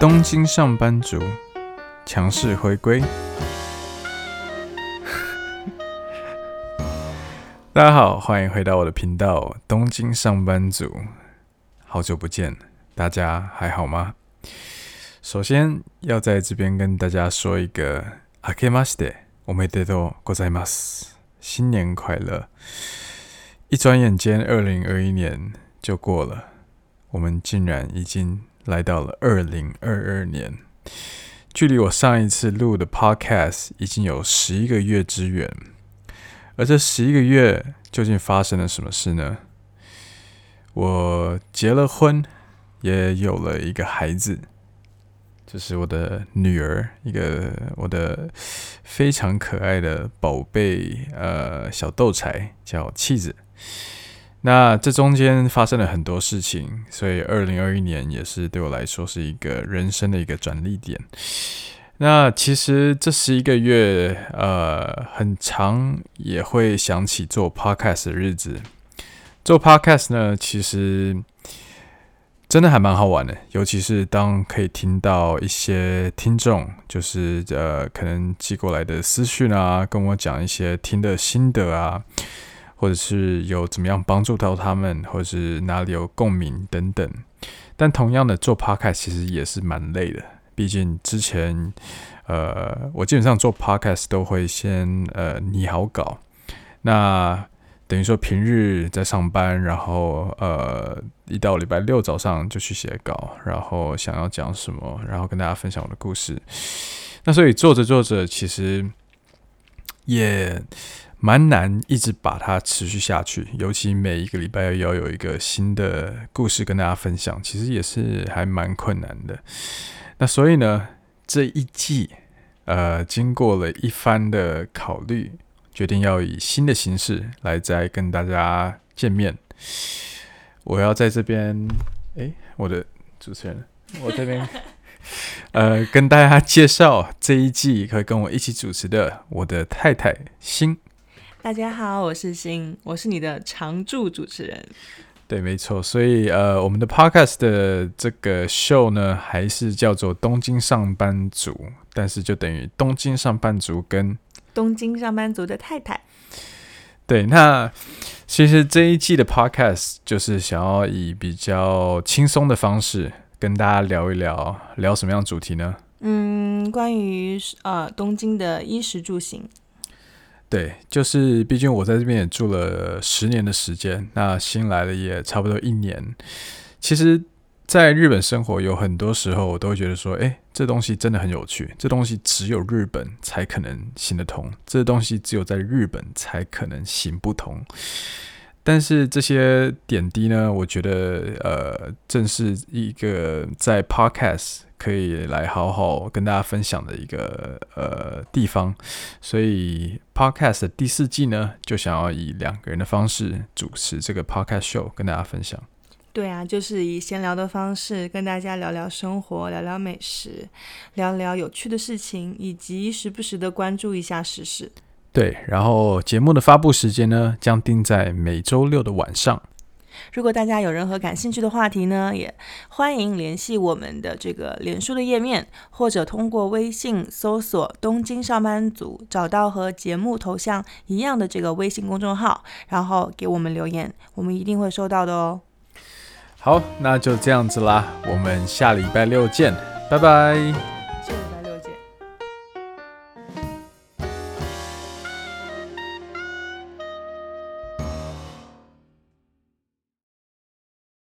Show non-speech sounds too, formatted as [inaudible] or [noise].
東京上班族強勢回歸。 [laughs] 大家好，歡迎回到我的頻道。東京上班族，好久不見，大家還好嗎？首先要在這邊跟大家說一個「あけましておめでとうございます」，新年快樂！一轉眼間，二零二一年就過了，我們竟然已經，來到了二零二二年，距離我上一次錄的 Podcast 已經有十一個月之遠，而這十一個月究竟發生了什麼事呢？我結了婚，也有了一個孩子，就是我的女兒，一個我的非常可愛的寶貝，呃，小豆柴叫妻子。那這中間發生了很多事情，所以二零二一年也是對我來說是一個人生的一個轉捩點。那其實這十一個月，呃，很長，也會想起做 podcast 的日子。做 podcast 呢，其實真的還蠻好玩的，尤其是當可以聽到一些聽眾，就是呃，可能寄過來的私訊啊，跟我講一些聽的心得啊。或者是有怎麼樣幫助到他們，或者是哪裡有共鳴等等。但同樣的，做 podcast 其實也是蠻累的。畢竟之前，呃，我基本上做 podcast 都會先呃擬好稿。那等於說，平日在上班，然後呃一到禮拜六早上就去寫稿，然後想要講什麼，然後跟大家分享我的故事。那所以做着做着，其實也蠻難一直把它持續下去，尤其每一個禮拜要有一個新的故事跟大家分享，其實也是還蠻困難的。那所以呢，這一季，呃，經過了一番的考慮，決定要以新的形式來再跟大家見面。我要在這邊，哎、欸，我的主持人，我這邊， [laughs] 呃，跟大家介紹這一季可以跟我一起主持的我的太太，新。大家好，我是新，我是你的常駐主持人。對，沒錯，所以呃，我們的 podcast 的這個 show 呢，還是叫做《東京上班族》，但是就等於東京上班族跟東京上班族的太太。對，那其實這一季的 podcast 就是想要以比較輕鬆的方式跟大家聊一聊，聊什麼樣主題呢？嗯，關於呃東京的衣食住行。對，就是畢竟我在這邊也住了十年的時間，那新來的也差不多一年。其實，在日本生活有很多時候，我都會覺得說，哎，這東西真的很有趣，這東西只有日本才可能行得通，這東西只有在日本才可能行不通。但是這些點滴呢，我覺得，呃，正是一個在 podcast。可以來好好跟大家分享的一個呃地方，所以 podcast 的第四季呢，就想要以兩個人的方式主持這個 podcast show，跟大家分享。對啊，就是以閒聊的方式跟大家聊聊生活，聊聊美食，聊聊有趣的事情，以及時不時的關注一下時事。對，然後節目的發布時間呢，將定在每週六的晚上。如果大家有任何感興趣的話題呢，也歡迎聯繫我們的這個臉書的頁面，或者通過微信搜索“東京上班族”，找到和節目頭像一樣的這個微信公眾號，然後給我們留言，我們一定會收到的哦。好，那就這樣子啦，我們下禮拜六見，拜拜。